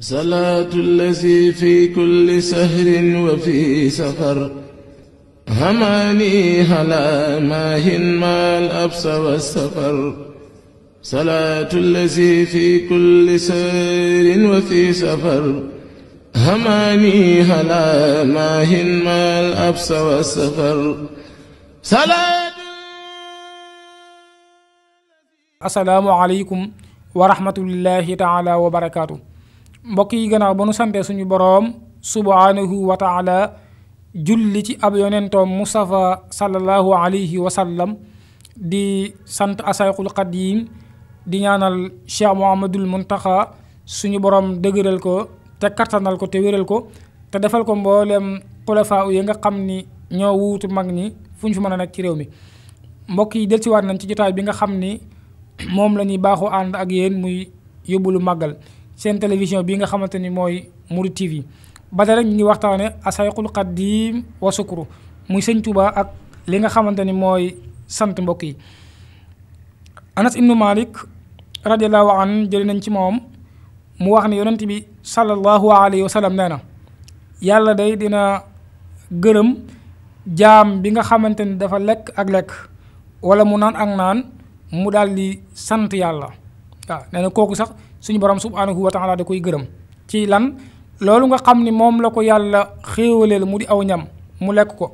salaatu allazi fi kulli sahrin wa fi safar hamaani hala maahin maal absa wa safar salaatu allazi fi kulli sahrin wa fi safar hamaani hala maahin maal absa wa safar salaatu. asalaamualeykum wa rahmatullahi taala wa barakaatu. mbokk yi gannaaw ba nu santee suñu boroom subhaanahu wa taala julli ci ab yonentoom Mustafa sallallahu alayhi wa sallam di sant asayqul qadim di ñaanal Cheikh Muhammadul taxa suñu boroom dëgëral ko te kattanal ko te wéral ko te defal ko mboolem xulafaa yi nga xam ni ñoo wuutu mag ñi fu ñu fi mën a nekk ci réew mi mbokk yi dellusiwaat nañ ci jotaay bi nga xam ni moom la ñuy baaxoo ànd ak yéen muy yóbbu lu màggal seen télévision bii nga xamante ni mooy Mouride TV ba tey ñu ngi waxtaane asayqul qadim wa sukru muy sëñ Tuubaa ak li nga xamante ni mooy sant mbokk yi Anas ibnu Malik radiallahu an jëli nañ ci moom mu wax ne yonent bi sallallahu alayhi wa sallam yàlla day dina gërëm jaam bi nga xamante ni dafa lekk ak lekk wala mu naan ak naan mu daal di sant yàlla waaw kooku sax suñu borom subhanahu wa taala da koy gërëm ci lan loolu nga xam ni moom la ko yàlla xéewaleel mu di aw ñam mu lekk ko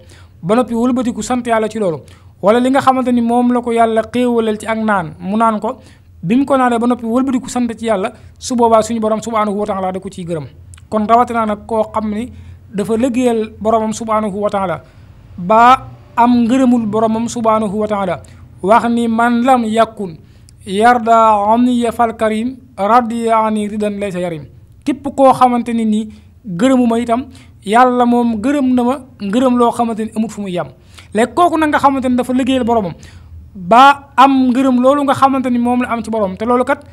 ba noppi wëlbatiku sant yàlla ci loolu wala li nga xamante ni moom la ko yàlla xéewaleel ci ak naan mu naan ko bi mu ko naanee ba noppi wëlbatiku sant ci yàlla su boobaa suñu borom subhanahu wa taala da ko ciy gërëm kon naa nag koo xam ni dafa liggéeyal boromam subhanahu wa taala ba am ngërëmul boromam subhanahu wa taala wax ni man lam yarda amniya fal karim radiya ani ridan laysa yarim képp koo xamante ni nii gërëmuma itam yàlla moom gërëm na ma ngërëm loo xamante ni amut fu muy yem léegi kooku nag nga xamante ni dafa liggéeyal boromam ba am ngërëm loolu nga xamante ni moom la am ci borom te loolu kat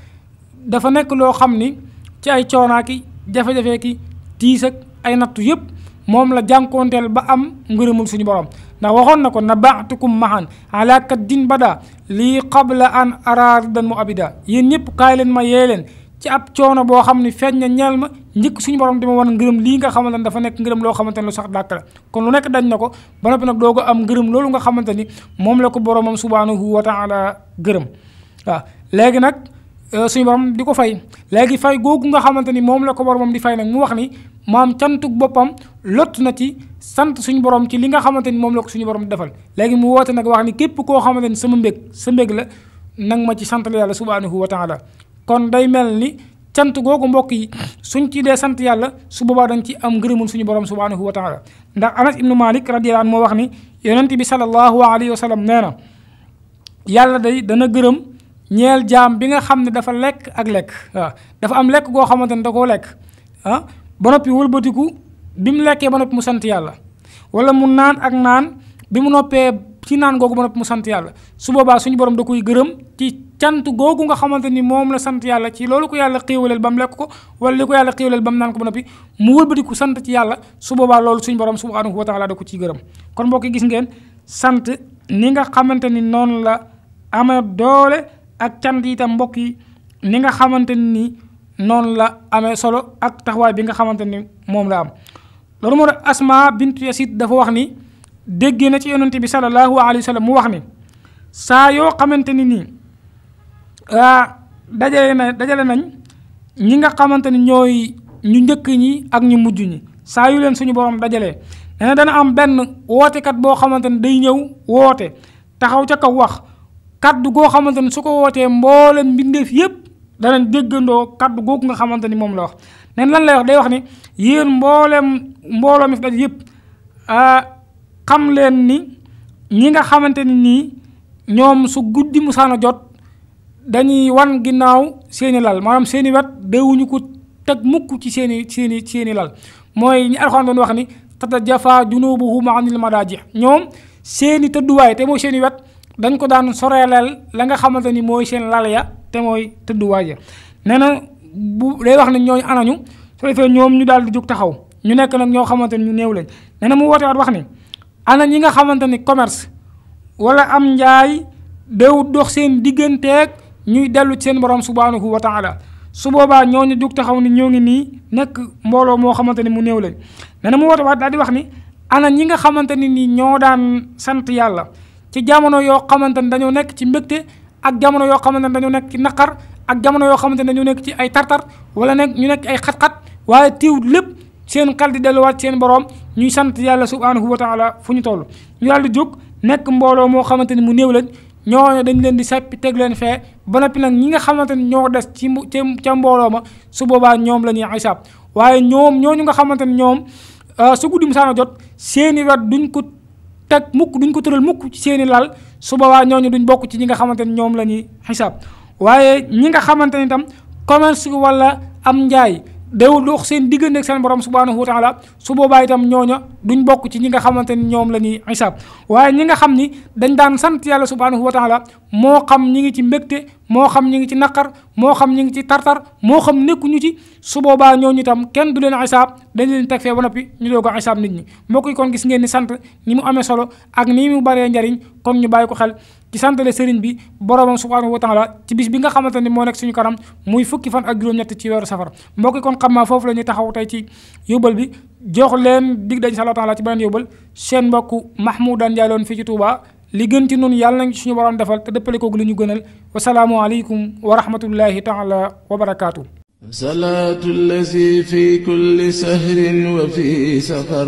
dafa nekk loo xam ni ci ay ki jafe-jafe ki tiis ay nattu yëpp moom la jànkoonteel ba am ngërëmul suñu borom ndax waxoon na ko nabaatukum mahan ala kaddin bada lii qabla an araaridan mu abida yéen ñëpp kaay leen ma yee leen ci ab coono boo xam ne feeñ na ñeel ma njëkk suñu boroom borom dima wan ngërëm lii nga xamante ne dafa nekk ngërëm loo xamante ne lu sax dàkk la kon lu nekk dañ na ko ba noppi nag doog ko am ngërëm loolu nga xamante ni moom la ko boromam subhanahu wa taala gërëm waaw léegi nag Euh, suñu borom di ko fay léegi fay googu nga xamante ni moom la ko boromam di fay nag mu wax ni maam cantuk boppam lott na ci sant suñu borom ci li nga xamante ni moom la ko suñu borom defal léegi mu woote nag wax ni képp koo xamante ni sama mbég sa mbég la nag ma ci sant la yàlla subhanahu wa taala kon day mel ni cant googu mbokk yi suñ ci dee sant yàlla su boobaa dañ ci am ngërëmul suñu borom subhanahu wa taala ndax anas ibnu malik radiyallahu an moo wax ni yonent bi sallallahu alayhi wa sallam nee na yàlla day dana gërëm ñeel jaam bi nga xam ne dafa lekk ak lekk waaw dafa am lekk goo xamante ne da koo lekk ah ba noppi wëlbatiku bi mu lekkee ba mu sant yàlla wala mu naan ak naan bi mu noppee ci naan googu ba noppi mu sant yàlla su boobaa suñu borom da koy gërëm ci cant googu nga xamante ni moom la sant yàlla ci loolu ko yàlla xéewaleel ba mu lekk ko wala li ko yàlla xéewaleel ba mu ko ba noppi mu wëlbatiku sant ci yàlla su boobaa loolu suñu borom subhaanahu wa taala da ko ciy gërëm kon ko gis ngeen sant ni nga xamante ni noonu la amee doole. ak cant itam mbokk yi ni nga xamante ni noonu la amee solo ak taxawaay bi nga xamante ni moom la am loolu moo tax asma bintu yasid dafa wax ni déggee na ci yonante bi sallallahu alayhi wa sallam mu wax ni saa yoo xamante ni nii dajale na dajale nañ ñi nga xamante ni ñooy ñu njëkk ñi ak ñu mujj ñi saa yu leen suñu boppam dajalee dana dana am benn wootekat boo xamante ni day ñëw woote taxaw ca kaw wax kaddu goo xamante ne su ko wootee mboolem mbindeef yëpp danañ déggandoo kaddu googu nga xamante ni moom la wax nen lan lay wax day wax ni yéen mboolem mbooloo mi fi daj yëpp ah, xam leen ni ñi nga xamante ni nii ñoom su guddi musaana jot dañuy wan ginnaaw seeni lal maanaam seeni wet dewuñu ko teg mukk ci seeni seeni seeni lal mooy ñi alxuraan doon wax ni tata jafa ma anil madaaji ñoom seeni tëdduwaay te mooy seeni wet dañ ko daan soreeleel la nga xamante ni mooy seen lal ya te mooy tëdduwaay ya nee na bu day wax ne ñooñu anañu su defee ñoom ñu daal di jug taxaw ñu nekk nag ñoo xamante ni ñu néew lañ na mu woote waat wax ni ana ñi nga xamante ni commerce wala am njaay déwut dox seen digganteeg ñuy dellu ci seen borom subhanahu wa taala su boobaa ñooñu jug taxaw ni ñoo ngi nii nekk mbooloo moo xamante ni mu neew leen nee na mu woote waat daal di wax ni ana ñi nga xamante ni nii ñoo daan sant yàlla ci jamono yoo xamante ne dañoo nekk ci mbégte ak jamono yoo xamante ne dañoo nekk ci naqar ak jamono yoo xamante ne dañoo nekk ci ay tartar wala nekk ñu nekk ay xat-xat waaye teewul lépp seen xel di delluwaat seen boroom ñuy sant yàlla subhanahu wa taala fu ñu toll ñu daal di jóg nekk mbooloo moo xamante ni mu néew lañ ñooñu dañu leen di sappi teg leen fee ba noppi nag ñi nga xamante ni ñoo des ci ca mbooloo ma su boobaa ñoom la ñuy sàpp waaye ñoom ñu nga xamante ni ñoom euh, su guddi musaana jot seeni duñ ko teg mukk duñ ko tëral mukk ci seeni lal su boobaa ñooñu duñ bokk ci ñi nga xamante ni ñoom la ñuy xisaab waaye ñi nga xamante ni tam commerce wala am njaay day dox seen diggante seen borom subhanahu wa taala su boobaa itam ñooña duñ bokk ci ñi nga xamante ni ñoom la ñuy xisaab waaye ñi nga xam ni dañ daan sant yàlla subhanahu wa taala moo xam ñi ngi ci mbégte moo xam ñi ngi ci naqar moo xam ñi ngi ci tartar moo xam nekkuñu ci su boobaa ñooñu itam kenn du leen xisaab dañ leen teg fee ba noppi ñu doog a xisaab nit ñi mbokk yi kon gis ngeen ni sant ñi mu amee solo ak nii mu baree njariñ kon ñu bàyyi ko xel ci santale sëriñ bi boroomam subhaanahu wa taala ci bis bi nga xamante ni moo nekk suñu kanam muy fukki fan ak juróom-ñett ci weeru safar mbokki kon xam naa foofu la ñuy taxaw tey ci yóbbal bi jox leen dig dañ sala taala ci beneen yóbbal seen mbokku Mahmoudan Ndiaye loon fii ci Touba li gën ci noonu yàlla nañ suñu boroom defal te dëppale koogu li ñu gënal wasalaamu aleykum wa rahmatullahi taala wa barakaatu salaatu llazi fi kulli sahrin wa fi safar